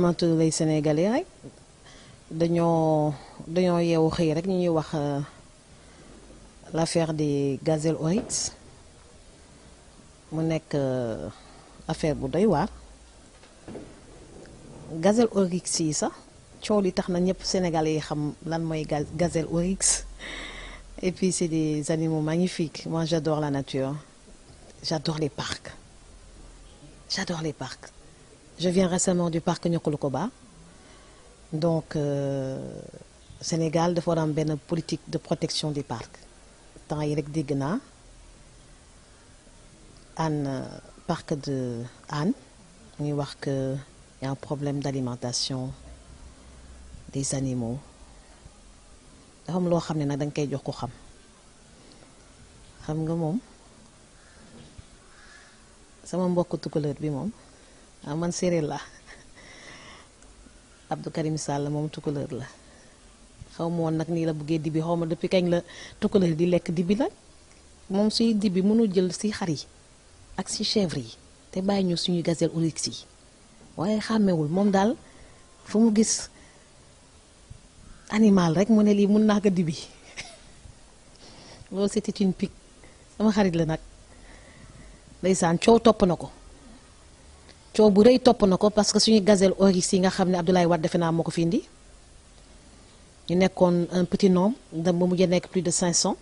mantu les sénégalais nous avons eu rek euh, l'affaire des gazelles oryx mu nekk euh, affaire bu doy Les gazelle oryx c'est ça. Les tax na sénégalais yi xam gazelle oryx et puis c'est des animaux magnifiques moi j'adore la nature j'adore les parcs j'adore les parcs je viens récemment du parc Nyokolokoba. Donc, euh, Sénégal dafa une ben politique de protection des parcs Tant yi rek dégg euh, parc de on ñuy wax que y a un problème d'alimentation des animaux Je am loo nous ne nag da nga jox ko xam xam nga sama man séeréer la Abdou Karim Sall mom tukuleur la xaw ma woon nag la buggee dibi xawma depuis kagn la tukuleur di lek dibi la mom suy dibi mënu jël si xari Aksi ak ci chèvre yi te bàyyi ñu suñu gazelle oryx yi waaye xàmmewul mom dal fu mu gis animal rek mu ne li mun na ko dibi loolu c'était une pique sama xarit la nak ndaysan ciow top nako coow bu rëy topp na parce que suñu gazelle oryx yi nga xam ne Abdoulaye defe un petit nombre plus de 500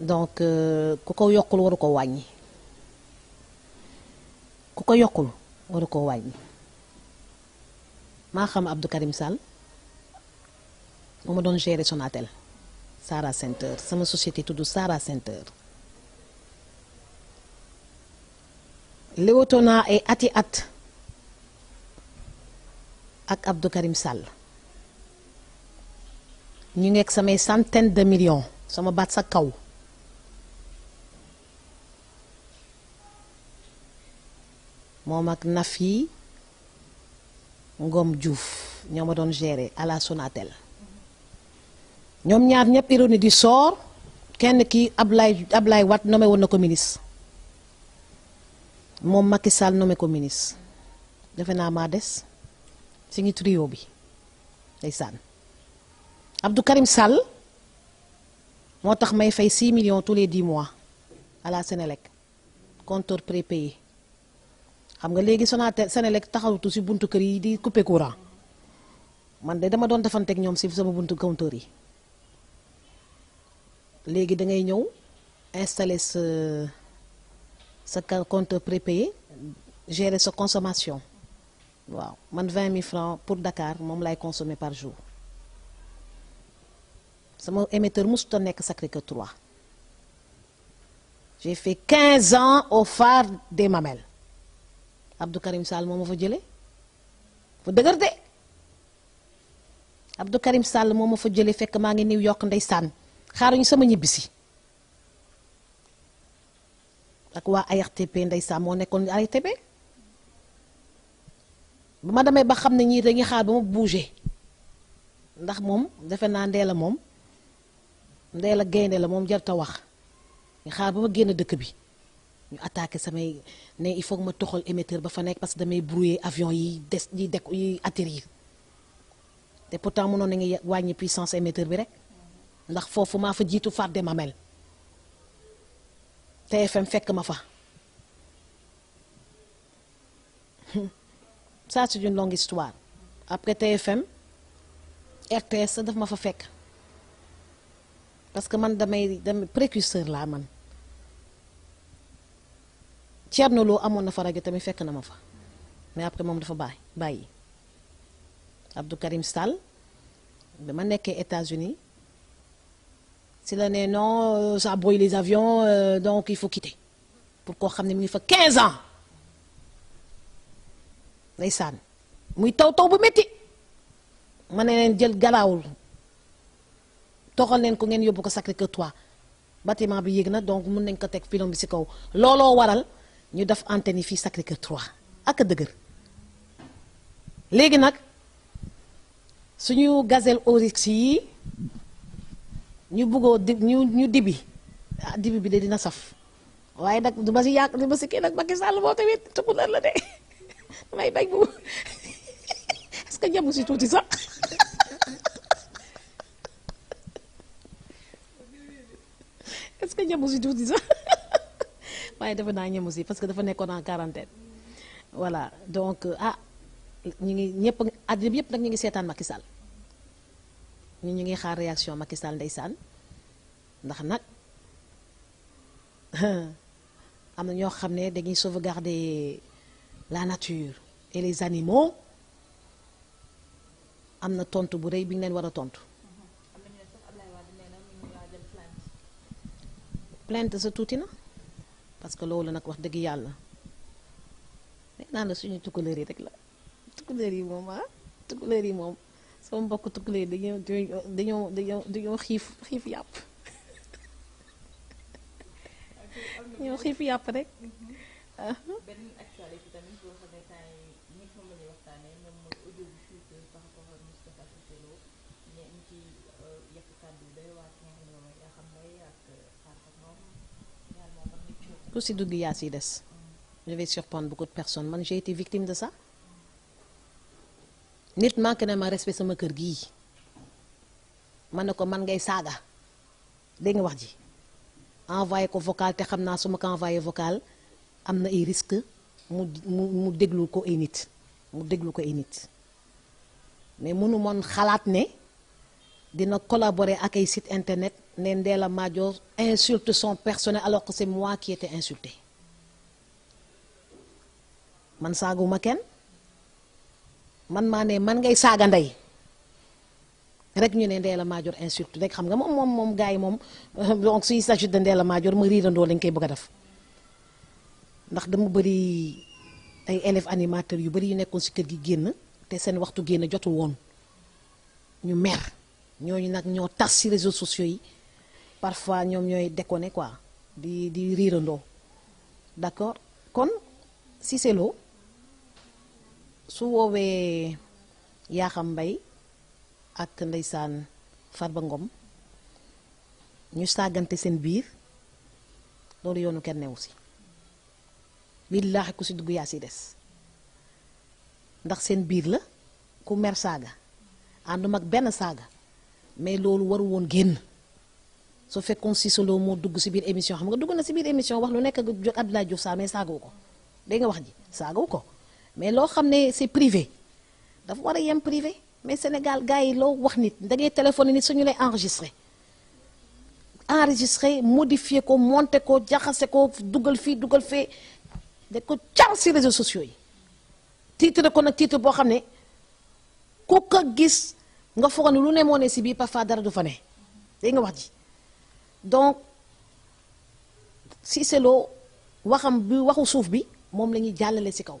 donc euh, ku ko yokkul waru ko wàññi ku ko waru ko xam Abdou Karim Sall ma doon Sara Center sama société tudd Sara Center léwatoo naa ay e ati at ak Abdou Karim ñu ngekk samay centaine de million sama baat sa kaw moom ak Nafi Ngom juuf ñoo ma doon gérer à la ñoom ñaar ñëpp ironie du sort kenn ki Ablaye ablaay wat nommé woon na ko ministre moom Macky Sall nommé ko ministre defe naa maa des si ngi trio bi ndeysaan Abdou Karim Sall moo tax may fay 6 millions tous les 10 mois à la Sénélec compteur prépayé xam nga léegi Sonatel Sénélec taxawutu si buntu kër yi di couper courant man de dama doon defanteeg ñoom si sama buntu compteur yi léegi da ngay ñëw installer sa. ce compte prépayé, gérer sa consommation. Wow. 20 000 francs pour Dakar, je consomme consommé par jour. C'est mon émetteur Moustonek Sacré que 3. J'ai fait 15 ans au phare des mamelles. Abdou Karim Sal, je vous dire. Vous regardez. Abdou Karim Sal, je vous dire que je suis à New York. Je suis à New York ak waa ARTP ndeysaan moo nekkoon ARTP ba ma demee ba xam ne ñii dañuy xaar ba bouger ndax mom defe naa Ndella moom Ndella gaynde la moom jarta wax ñu xaar ba ma génn dëkk bi ñu attaquer samay ne il faut que ma toxal émetteur ba fa nek parce que damay brouiller avion yi des yi dek yi atterrir te pourtant mënoon nga wañi puissance émetteur bi rek ndax fofu ma fa jitu fat Fardé Mamel TFM que ma fa ça c'est une longue histoire après TFM RTS daf ma fa parce que man suis un précurseur là, man fa mais après je dafa un Abdou Karim Stal, suis aux États-Unis si la non euh, ça bruit les avions euh, donc il faut quitter Pourquoi? il faut ne 15 ans ndeysaan muy taw taw bu métti Je ne leen jël Je ko ngeen yóbbu ko Sacré-Cœur 3 bâtiment bi yegna donc mun nañ ko tek filon bi ci kaw lolo waral ñu def antenne fi Sacré-Cœur 3 ak a légui nak suñu gazelle oryx yi ñu bëggoo di ñu ñu dibi ah dibi bi de dina saf waaye nag du ma si yàq du ma si kii nag Macky Sall moo tamit tukulóor la de may bay bu est-ce que ñamu si tuuti sax est-ce que ñamu si tuuti sax waaye dafa naa ñamu si parce que dafa nekkoon en quarantaine voilà donc ah ñu ngi ñëpp àddina bi yëpp nag ñu ngi seetaan Macky Sall ñu ñu ngi xaar réaction Macky Sall ndeysaan ndax nag am na ñoo xam ne dañuy sauvegarder la nature et les animaux am na tontu bu rëy bi ñu leen war a tontu. plainte sa tuuti na parce que loolu nag wax dëgg yàlla nee naa la suñu tukkuleer yi rek la tukkuleer yi moom ah tukkuleer yi moom sama mbokk de dañoo dañoo dañoo dañoo xiif xiif ñoo xiif je vais surprendre beaucoup de personnes j'ai été victime de ça nit manqué na ma respect sama kër gi ma ko man ngay saga dégg nga wax ji envoyé ko vocal te xamna suma ko envoyer vocal am na ay risque mu mu mu ko ay nit mu déglu ko ay nit mais munu mon xalaat ne dina collaborer ak ay site internet ne la Madior insulte son personnel alors que c'est moi qui étais insulté man saaguma kenn man maa ne man ngay saaga ndey rek ñu ne Ndella Madior surtout rek xam nga moom moom moom gars yi moom euh, donc suy s'agit de Ndella Madior ma riirandoo lañ koy bëgg a def ndax dama bëri ay élèves animateurs yu bëri yu nekkoon si kër gi génn te seen waxtu génn jotu woon ñu mer ñooñu nag ñoo tas ci réseaux sociaux yi parfois ñoom ñooy déconné quoi di di riirandoo d'accord kon Cissé Lo su woowee Yakham mbay ak ndeysaan ba Ngom ñu sàggante seen biir loolu yoonu kenn newu si billaahi ku si dugg yaa si des ndax seen biir la ku mer saaga ànduma ak benn saaga mais loolu war woon génn su fekkoon Cissé Lô moo dugg si biir émission xam nga dugg na si biir émission wax lu nekk jóg Abdoulaye Diouf Sarr mais saagawu ko dégg nga wax ji saagawu ko mais lo xamné c'est privé dafa wara yam yem privé mais Sénégal gars yi loo wax nit da ngay téléphoné nit suñu lay enregistrer enregistrer modifier ko monter ko jaxase ko dougal fi dougal fee de ko car si réseaux sociaux yi titre ko nak titre bo xamné ko ko gis nga foog lu ne moo ne si biir parfois dara du fa ne dégg nga wax ji donc si c'est lo waxam bi waxu souf bi mom lañuy jallalé ci kaw